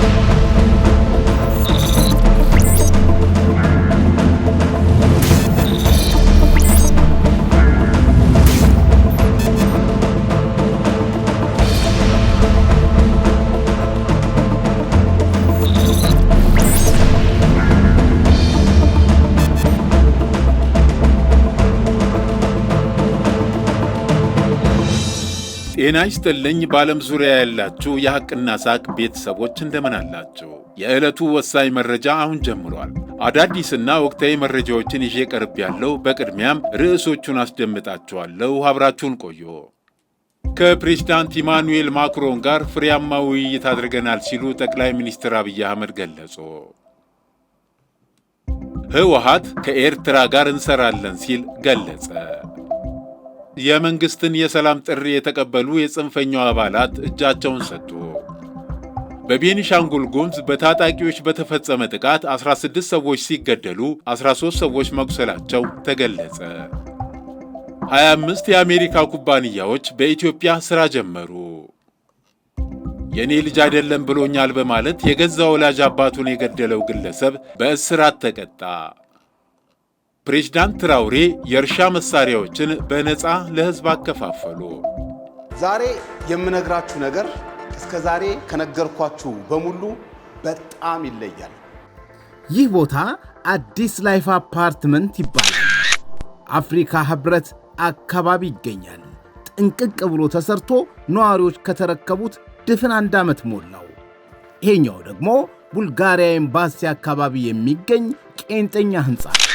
Thank you. ጤና ይስጥልኝ በዓለም ዙሪያ ያላችሁ የሐቅና ሳቅ ቤተሰቦች እንደምን አላችሁ? የዕለቱ ወሳኝ መረጃ አሁን ጀምሯል። አዳዲስና ወቅታዊ መረጃዎችን ይዤ ቀርብ ያለው። በቅድሚያም ርዕሶቹን አስደምጣችኋለሁ። አብራችሁን ቆዩ። ከፕሬዝዳንት ኢማኑኤል ማክሮን ጋር ፍሬያማ ውይይት አድርገናል ሲሉ ጠቅላይ ሚኒስትር አብይ አህመድ ገለጹ። ህወሀት ከኤርትራ ጋር እንሰራለን ሲል ገለጸ። የመንግስትን የሰላም ጥሪ የተቀበሉ የጽንፈኛው አባላት እጃቸውን ሰጡ። በቤኒሻንጉል ጉምዝ በታጣቂዎች በተፈጸመ ጥቃት 16 ሰዎች ሲገደሉ 13 ሰዎች መቁሰላቸው ተገለጸ። 25 የአሜሪካ ኩባንያዎች በኢትዮጵያ ሥራ ጀመሩ። የእኔ ልጅ አይደለም ብሎኛል በማለት የገዛ ወላጅ አባቱን የገደለው ግለሰብ በእስራት ተቀጣ። ፕሬዝዳንት ትራውሬ የእርሻ መሳሪያዎችን በነፃ ለህዝብ አከፋፈሉ። ዛሬ የምነግራችሁ ነገር እስከ ዛሬ ከነገርኳችሁ በሙሉ በጣም ይለያል። ይህ ቦታ አዲስ ላይፍ አፓርትመንት ይባላል። አፍሪካ ህብረት አካባቢ ይገኛል። ጥንቅቅ ብሎ ተሰርቶ ነዋሪዎች ከተረከቡት ድፍን አንድ ዓመት ሞላው። ይሄኛው ደግሞ ቡልጋሪያ ኤምባሲ አካባቢ የሚገኝ ቄንጠኛ ህንፃ ነው።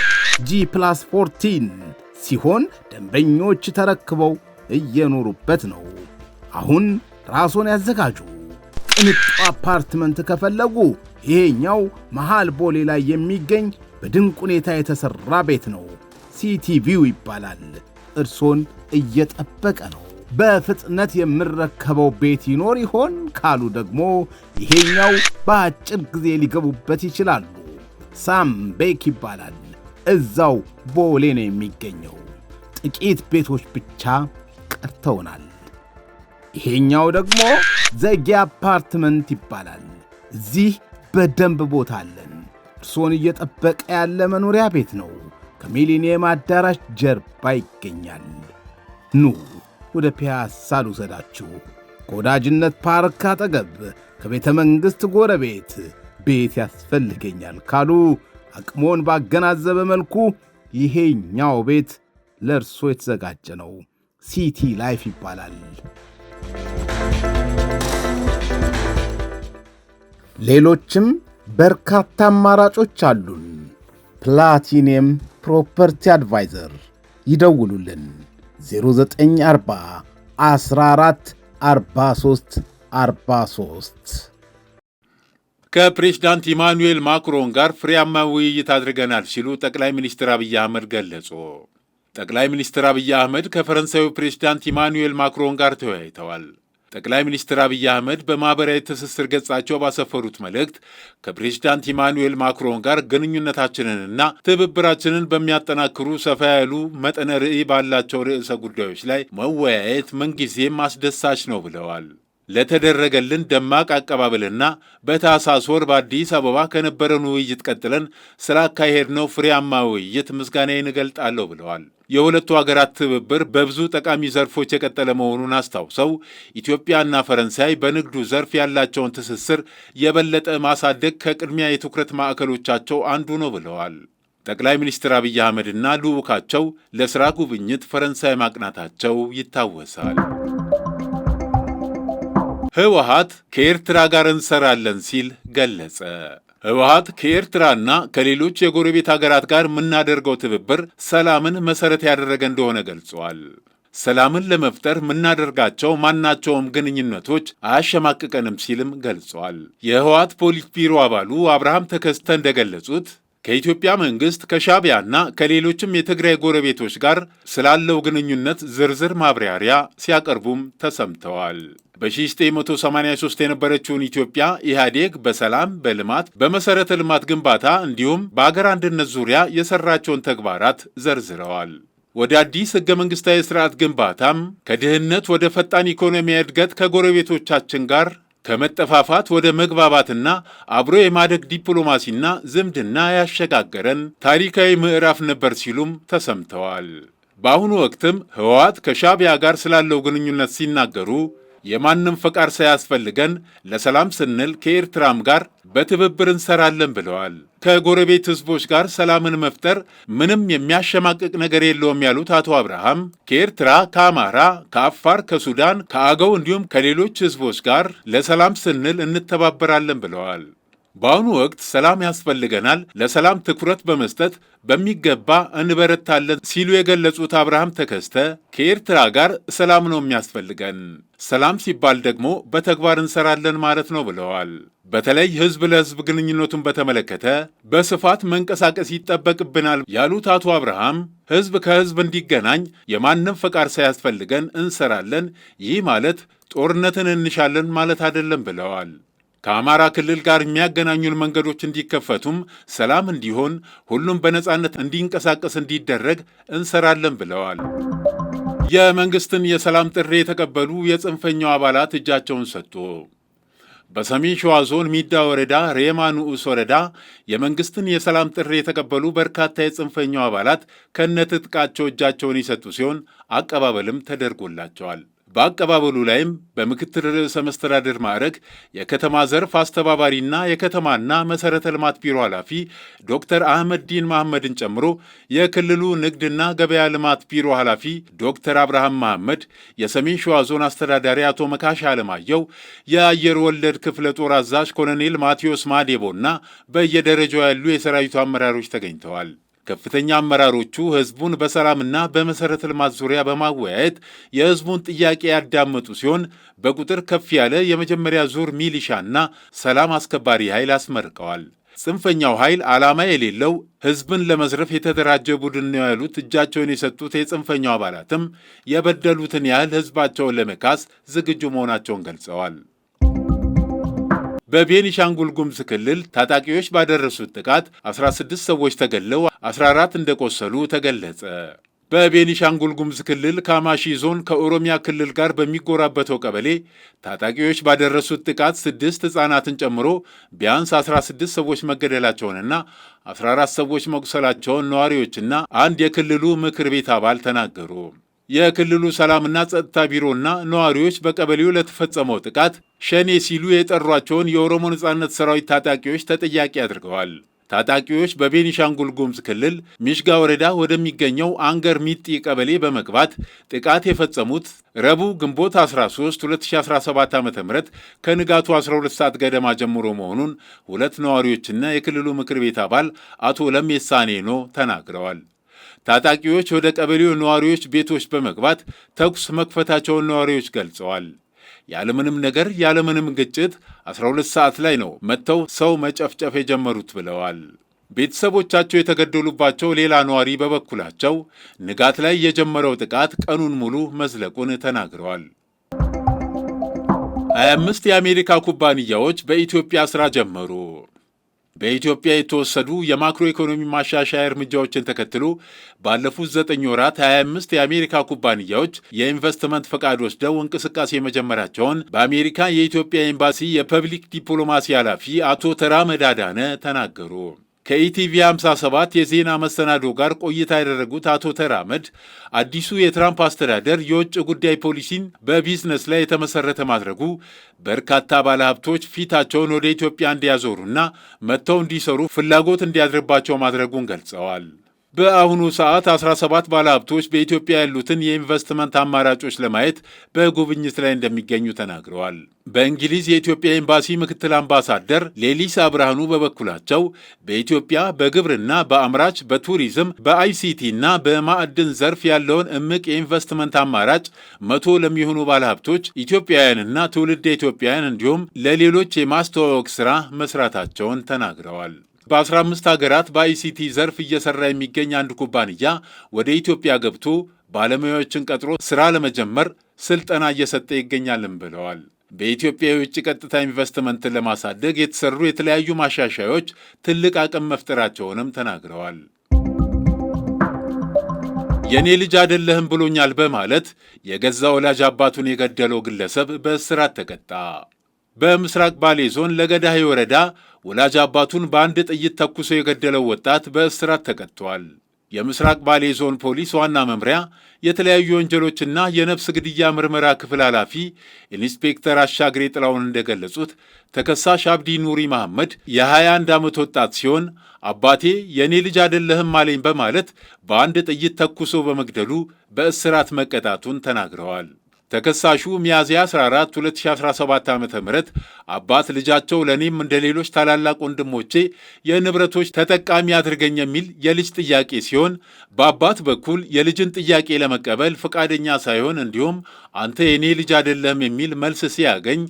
ጂ ፕላስ 14 ሲሆን ደንበኞች ተረክበው እየኖሩበት ነው። አሁን ራስዎን ያዘጋጁ። ቅንጡ አፓርትመንት ከፈለጉ ይሄኛው መሃል ቦሌ ላይ የሚገኝ በድንቅ ሁኔታ የተሠራ ቤት ነው። ሲቲቪው ይባላል። እርሶን እየጠበቀ ነው። በፍጥነት የምረከበው ቤት ይኖር ይሆን ካሉ ደግሞ ይሄኛው በአጭር ጊዜ ሊገቡበት ይችላሉ። ሳም ቤክ ይባላል። እዛው ቦሌ ነው የሚገኘው። ጥቂት ቤቶች ብቻ ቀርተውናል። ይሄኛው ደግሞ ዘጌ አፓርትመንት ይባላል። እዚህ በደንብ ቦታ አለን። እርሶን እየጠበቀ ያለ መኖሪያ ቤት ነው። ከሚሊኒየም አዳራሽ ጀርባ ይገኛል። ኑ ወደ ፒያሳ ልውሰዳችሁ። ከወዳጅነት ፓርክ አጠገብ ከቤተ መንግሥት ጎረቤት ቤት ያስፈልገኛል ካሉ አቅሞን ባገናዘበ መልኩ ይሄኛው ቤት ለእርሶ የተዘጋጀ ነው። ሲቲ ላይፍ ይባላል። ሌሎችም በርካታ አማራጮች አሉን። ፕላቲኒየም ፕሮፐርቲ አድቫይዘር ይደውሉልን 0940 14 43 43 ከፕሬዚዳንት ኢማኑኤል ማክሮን ጋር ፍሬያማ ውይይት አድርገናል ሲሉ ጠቅላይ ሚኒስትር አብይ አህመድ ገለጹ። ጠቅላይ ሚኒስትር አብይ አህመድ ከፈረንሳዩ ፕሬዚዳንት ኢማኑኤል ማክሮን ጋር ተወያይተዋል። ጠቅላይ ሚኒስትር አብይ አህመድ በማኅበራዊ ትስስር ገጻቸው ባሰፈሩት መልእክት ከፕሬዚዳንት ኢማኑኤል ማክሮን ጋር ግንኙነታችንንና ትብብራችንን በሚያጠናክሩ ሰፋ ያሉ መጠነ ርዕይ ባላቸው ርዕሰ ጉዳዮች ላይ መወያየት ምንጊዜም አስደሳች ነው ብለዋል። ለተደረገልን ደማቅ አቀባበልና በታህሳስ ወር በአዲስ አበባ ከነበረን ውይይት ቀጥለን ስላካሄድነው ፍሬያማ ውይይት ምስጋናዬን እገልጣለሁ ብለዋል። የሁለቱ ሀገራት ትብብር በብዙ ጠቃሚ ዘርፎች የቀጠለ መሆኑን አስታውሰው ኢትዮጵያና ፈረንሳይ በንግዱ ዘርፍ ያላቸውን ትስስር የበለጠ ማሳደግ ከቅድሚያ የትኩረት ማዕከሎቻቸው አንዱ ነው ብለዋል። ጠቅላይ ሚኒስትር አብይ አህመድና ልዑካቸው ለሥራ ጉብኝት ፈረንሳይ ማቅናታቸው ይታወሳል። ህወሀት ከኤርትራ ጋር እንሰራለን ሲል ገለጸ። ህወሀት ከኤርትራና ከሌሎች የጎረቤት ሀገራት ጋር የምናደርገው ትብብር ሰላምን መሰረት ያደረገ እንደሆነ ገልጿል። ሰላምን ለመፍጠር የምናደርጋቸው ማናቸውም ግንኙነቶች አያሸማቅቀንም ሲልም ገልጿል። የህወሀት ፖሊት ቢሮ አባሉ አብርሃም ተከስተ እንደገለጹት ከኢትዮጵያ መንግስት ከሻዕቢያና ከሌሎችም የትግራይ ጎረቤቶች ጋር ስላለው ግንኙነት ዝርዝር ማብራሪያ ሲያቀርቡም ተሰምተዋል። በ1983 የነበረችውን ኢትዮጵያ ኢህአዴግ በሰላም በልማት በመሠረተ ልማት ግንባታ እንዲሁም በአገር አንድነት ዙሪያ የሠራቸውን ተግባራት ዘርዝረዋል። ወደ አዲስ ሕገ መንግሥታዊ ሥርዓት ግንባታም ከድህነት ወደ ፈጣን ኢኮኖሚያ እድገት ከጎረቤቶቻችን ጋር ከመጠፋፋት ወደ መግባባትና አብሮ የማደግ ዲፕሎማሲና ዝምድና ያሸጋገረን ታሪካዊ ምዕራፍ ነበር ሲሉም ተሰምተዋል። በአሁኑ ወቅትም ህወሓት ከሻቢያ ጋር ስላለው ግንኙነት ሲናገሩ የማንም ፈቃድ ሳያስፈልገን ለሰላም ስንል ከኤርትራም ጋር በትብብር እንሰራለን ብለዋል። ከጎረቤት ህዝቦች ጋር ሰላምን መፍጠር ምንም የሚያሸማቅቅ ነገር የለውም ያሉት አቶ አብርሃም ከኤርትራ፣ ከአማራ፣ ከአፋር፣ ከሱዳን፣ ከአገው እንዲሁም ከሌሎች ህዝቦች ጋር ለሰላም ስንል እንተባበራለን ብለዋል። በአሁኑ ወቅት ሰላም ያስፈልገናል፣ ለሰላም ትኩረት በመስጠት በሚገባ እንበረታለን ሲሉ የገለጹት አብርሃም ተከስተ ከኤርትራ ጋር ሰላም ነው የሚያስፈልገን ሰላም ሲባል ደግሞ በተግባር እንሰራለን ማለት ነው ብለዋል። በተለይ ህዝብ ለህዝብ ግንኙነቱን በተመለከተ በስፋት መንቀሳቀስ ይጠበቅብናል ያሉት አቶ አብርሃም ህዝብ ከህዝብ እንዲገናኝ የማንም ፈቃድ ሳያስፈልገን እንሰራለን፣ ይህ ማለት ጦርነትን እንሻለን ማለት አይደለም ብለዋል። ከአማራ ክልል ጋር የሚያገናኙን መንገዶች እንዲከፈቱም ሰላም እንዲሆን ሁሉም በነፃነት እንዲንቀሳቀስ እንዲደረግ እንሰራለን ብለዋል። የመንግስትን የሰላም ጥሪ የተቀበሉ የጽንፈኛው አባላት እጃቸውን ሰጡ። በሰሜን ሸዋ ዞን ሚዳ ወረዳ ሬማ ንዑስ ወረዳ የመንግስትን የሰላም ጥሪ የተቀበሉ በርካታ የጽንፈኛው አባላት ከነትጥቃቸው እጃቸውን የሰጡ ሲሆን አቀባበልም ተደርጎላቸዋል። በአቀባበሉ ላይም በምክትል ርዕሰ መስተዳድር ማዕረግ የከተማ ዘርፍ አስተባባሪና የከተማና መሠረተ ልማት ቢሮ ኃላፊ ዶክተር አህመድ ዲን መሐመድን ጨምሮ የክልሉ ንግድና ገበያ ልማት ቢሮ ኃላፊ ዶክተር አብርሃም መሐመድ፣ የሰሜን ሸዋ ዞን አስተዳዳሪ አቶ መካሻ አለማየሁ፣ የአየር ወለድ ክፍለ ጦር አዛዥ ኮሎኔል ማቴዎስ ማዴቦና በየደረጃው ያሉ የሰራዊቱ አመራሮች ተገኝተዋል። ከፍተኛ አመራሮቹ ህዝቡን በሰላምና በመሠረተ ልማት ዙሪያ በማወያየት የህዝቡን ጥያቄ ያዳመጡ ሲሆን በቁጥር ከፍ ያለ የመጀመሪያ ዙር ሚሊሻና ሰላም አስከባሪ ኃይል አስመርቀዋል። ጽንፈኛው ኃይል ዓላማ የሌለው ህዝብን ለመዝረፍ የተደራጀ ቡድን ነው ያሉት እጃቸውን የሰጡት የጽንፈኛው አባላትም የበደሉትን ያህል ህዝባቸውን ለመካስ ዝግጁ መሆናቸውን ገልጸዋል። በቤኒሻንጉል ጉምዝ ክልል ታጣቂዎች ባደረሱት ጥቃት 16 ሰዎች ተገለው 14 እንደቆሰሉ ተገለጸ። በቤኒሻንጉል ጉሙዝ ክልል ካማሺ ዞን ከኦሮሚያ ክልል ጋር በሚጎራበተው ቀበሌ ታጣቂዎች ባደረሱት ጥቃት ስድስት ሕፃናትን ጨምሮ ቢያንስ 16 ሰዎች መገደላቸውንና 14 ሰዎች መቁሰላቸውን ነዋሪዎችና አንድ የክልሉ ምክር ቤት አባል ተናገሩ። የክልሉ ሰላምና ጸጥታ ቢሮና ነዋሪዎች በቀበሌው ለተፈጸመው ጥቃት ሸኔ ሲሉ የጠሯቸውን የኦሮሞ ነጻነት ሰራዊት ታጣቂዎች ተጠያቂ አድርገዋል። ታጣቂዎች በቤኒሻንጉል ጉምዝ ክልል ሚሽጋ ወረዳ ወደሚገኘው አንገር ሚጢ ቀበሌ በመግባት ጥቃት የፈጸሙት ረቡዕ ግንቦት 13 2017 ዓ ም ከንጋቱ 12 ሰዓት ገደማ ጀምሮ መሆኑን ሁለት ነዋሪዎችና የክልሉ ምክር ቤት አባል አቶ ለሜሳኔ ኖ ተናግረዋል። ታጣቂዎች ወደ ቀበሌው ነዋሪዎች ቤቶች በመግባት ተኩስ መክፈታቸውን ነዋሪዎች ገልጸዋል። ያለምንም ነገር ያለምንም ግጭት 12 ሰዓት ላይ ነው መጥተው ሰው መጨፍጨፍ የጀመሩት ብለዋል። ቤተሰቦቻቸው የተገደሉባቸው ሌላ ነዋሪ በበኩላቸው ንጋት ላይ የጀመረው ጥቃት ቀኑን ሙሉ መዝለቁን ተናግረዋል። 25 የአሜሪካ ኩባንያዎች በኢትዮጵያ ሥራ ጀመሩ። በኢትዮጵያ የተወሰዱ የማክሮ ኢኮኖሚ ማሻሻያ እርምጃዎችን ተከትሎ ባለፉት ዘጠኝ ወራት 25 የአሜሪካ ኩባንያዎች የኢንቨስትመንት ፈቃድ ወስደው እንቅስቃሴ መጀመራቸውን በአሜሪካ የኢትዮጵያ ኤምባሲ የፐብሊክ ዲፕሎማሲ ኃላፊ አቶ መዳዳነ ተናገሩ። ከኢቲቪ 57 የዜና መሰናዶ ጋር ቆይታ ያደረጉት አቶ ተራመድ አዲሱ የትራምፕ አስተዳደር የውጭ ጉዳይ ፖሊሲን በቢዝነስ ላይ የተመሰረተ ማድረጉ በርካታ ባለሀብቶች ፊታቸውን ወደ ኢትዮጵያ እንዲያዞሩና መጥተው እንዲሰሩ ፍላጎት እንዲያድርባቸው ማድረጉን ገልጸዋል። በአሁኑ ሰዓት 17 ባለሀብቶች በኢትዮጵያ ያሉትን የኢንቨስትመንት አማራጮች ለማየት በጉብኝት ላይ እንደሚገኙ ተናግረዋል። በእንግሊዝ የኢትዮጵያ ኤምባሲ ምክትል አምባሳደር ሌሊስ ብርሃኑ በበኩላቸው በኢትዮጵያ በግብርና፣ በአምራች፣ በቱሪዝም፣ በአይሲቲ እና በማዕድን ዘርፍ ያለውን እምቅ የኢንቨስትመንት አማራጭ መቶ ለሚሆኑ ባለሀብቶች ኢትዮጵያውያንና ትውልድ ኢትዮጵያውያን እንዲሁም ለሌሎች የማስተዋወቅ ስራ መስራታቸውን ተናግረዋል። በ15 ሀገራት በአይሲቲ ዘርፍ እየሰራ የሚገኝ አንድ ኩባንያ ወደ ኢትዮጵያ ገብቶ ባለሙያዎችን ቀጥሮ ስራ ለመጀመር ስልጠና እየሰጠ ይገኛልም ብለዋል። በኢትዮጵያ የውጭ ቀጥታ ኢንቨስትመንትን ለማሳደግ የተሰሩ የተለያዩ ማሻሻዮች ትልቅ አቅም መፍጠራቸውንም ተናግረዋል። የእኔ ልጅ አይደለህም ብሎኛል በማለት የገዛ ወላጅ አባቱን የገደለው ግለሰብ በእስራት ተቀጣ። በምስራቅ ባሌ ዞን ለገዳሂ ወረዳ ወላጅ አባቱን በአንድ ጥይት ተኩሶ የገደለው ወጣት በእስራት ተቀጥቷል። የምስራቅ ባሌ ዞን ፖሊስ ዋና መምሪያ የተለያዩ ወንጀሎችና የነፍስ ግድያ ምርመራ ክፍል ኃላፊ ኢንስፔክተር አሻግሬ ጥላውን እንደገለጹት ተከሳሽ አብዲ ኑሪ መሐመድ የ21 ዓመት ወጣት ሲሆን አባቴ የእኔ ልጅ አይደለህም አለኝ በማለት በአንድ ጥይት ተኩሶ በመግደሉ በእስራት መቀጣቱን ተናግረዋል። ተከሳሹ ሚያዝያ 14 2017 ዓ ም አባት ልጃቸው ለእኔም እንደ ሌሎች ታላላቅ ወንድሞቼ የንብረቶች ተጠቃሚ አድርገኝ የሚል የልጅ ጥያቄ ሲሆን በአባት በኩል የልጅን ጥያቄ ለመቀበል ፈቃደኛ ሳይሆን እንዲሁም አንተ የእኔ ልጅ አይደለም የሚል መልስ ሲያገኝ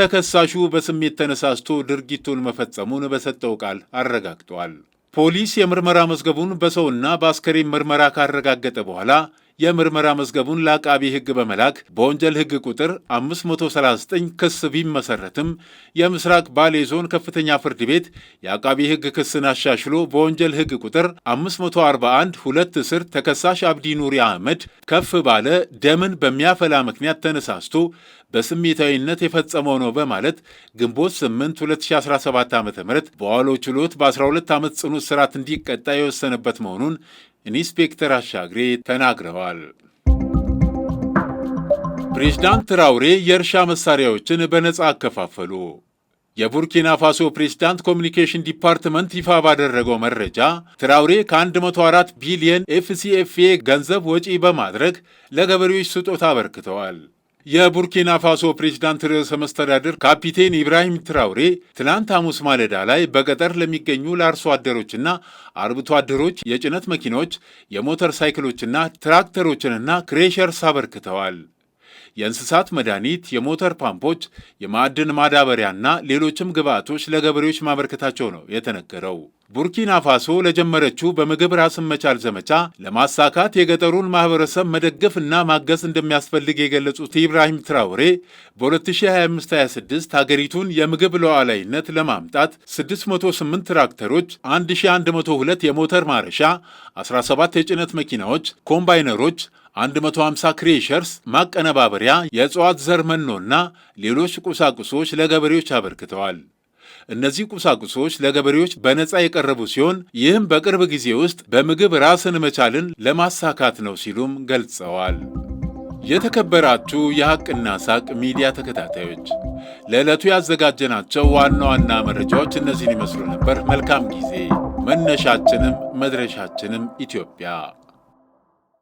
ተከሳሹ በስሜት ተነሳስቶ ድርጊቱን መፈጸሙን በሰጠው ቃል አረጋግጧል። ፖሊስ የምርመራ መዝገቡን በሰውና በአስከሬን ምርመራ ካረጋገጠ በኋላ የምርመራ መዝገቡን ለአቃቢ ሕግ በመላክ በወንጀል ሕግ ቁጥር 539 ክስ ቢመሰረትም የምስራቅ ባሌ ዞን ከፍተኛ ፍርድ ቤት የአቃቢ ሕግ ክስን አሻሽሎ በወንጀል ሕግ ቁጥር 541 ሁለት ስር ተከሳሽ አብዲ ኑሪ አህመድ ከፍ ባለ ደምን በሚያፈላ ምክንያት ተነሳስቶ በስሜታዊነት የፈጸመው ነው በማለት ግንቦት 8 2017 ዓ ም በዋሎ ችሎት በ12 ዓመት ጽኑ እስራት እንዲቀጣ የወሰነበት መሆኑን ኢንስፔክተር አሻግሬ ተናግረዋል። ፕሬዝዳንት ትራውሬ የእርሻ መሳሪያዎችን በነጻ አከፋፈሉ። የቡርኪና ፋሶ ፕሬዝዳንት ኮሚኒኬሽን ዲፓርትመንት ይፋ ባደረገው መረጃ ትራውሬ ከ104 ቢሊየን ኤፍሲኤፍኤ ገንዘብ ወጪ በማድረግ ለገበሬዎች ስጦታ አበርክተዋል። የቡርኪና ፋሶ ፕሬዝዳንት ርዕሰ መስተዳድር ካፒቴን ኢብራሂም ትራውሬ ትናንት ሐሙስ ማለዳ ላይ በገጠር ለሚገኙ ለአርሶ አደሮችና አርብቶ አደሮች የጭነት መኪኖች፣ የሞተር ሳይክሎችና ትራክተሮችንና ክሬሸርስ አበርክተዋል። የእንስሳት መድኃኒት፣ የሞተር ፓምፖች፣ የማዕድን ማዳበሪያና ሌሎችም ግብዓቶች ለገበሬዎች ማበርከታቸው ነው የተነገረው። ቡርኪና ፋሶ ለጀመረችው በምግብ ራስን መቻል ዘመቻ ለማሳካት የገጠሩን ማህበረሰብ መደገፍና ማገዝ እንደሚያስፈልግ የገለጹት ኢብራሂም ትራውሬ በ2025/26 ሀገሪቱን የምግብ ሉዓላዊነት ለማምጣት 608 ትራክተሮች፣ 1102 የሞተር ማረሻ፣ 17 የጭነት መኪናዎች፣ ኮምባይነሮች 150 ክሬሸርስ ማቀነባበሪያ፣ የእጽዋት ዘር መኖና ሌሎች ቁሳቁሶች ለገበሬዎች አበርክተዋል። እነዚህ ቁሳቁሶች ለገበሬዎች በነፃ የቀረቡ ሲሆን ይህም በቅርብ ጊዜ ውስጥ በምግብ ራስን መቻልን ለማሳካት ነው ሲሉም ገልጸዋል። የተከበራችሁ የሐቅና ሳቅ ሚዲያ ተከታታዮች ለዕለቱ ያዘጋጀናቸው ዋና ዋና መረጃዎች እነዚህን ይመስሉ ነበር። መልካም ጊዜ። መነሻችንም መድረሻችንም ኢትዮጵያ።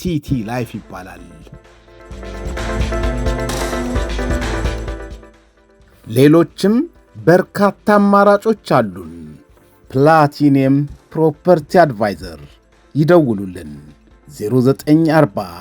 ሲቲ ላይፍ ይባላል። ሌሎችም በርካታ አማራጮች አሉን። ፕላቲኒየም ፕሮፐርቲ አድቫይዘር ይደውሉልን 0940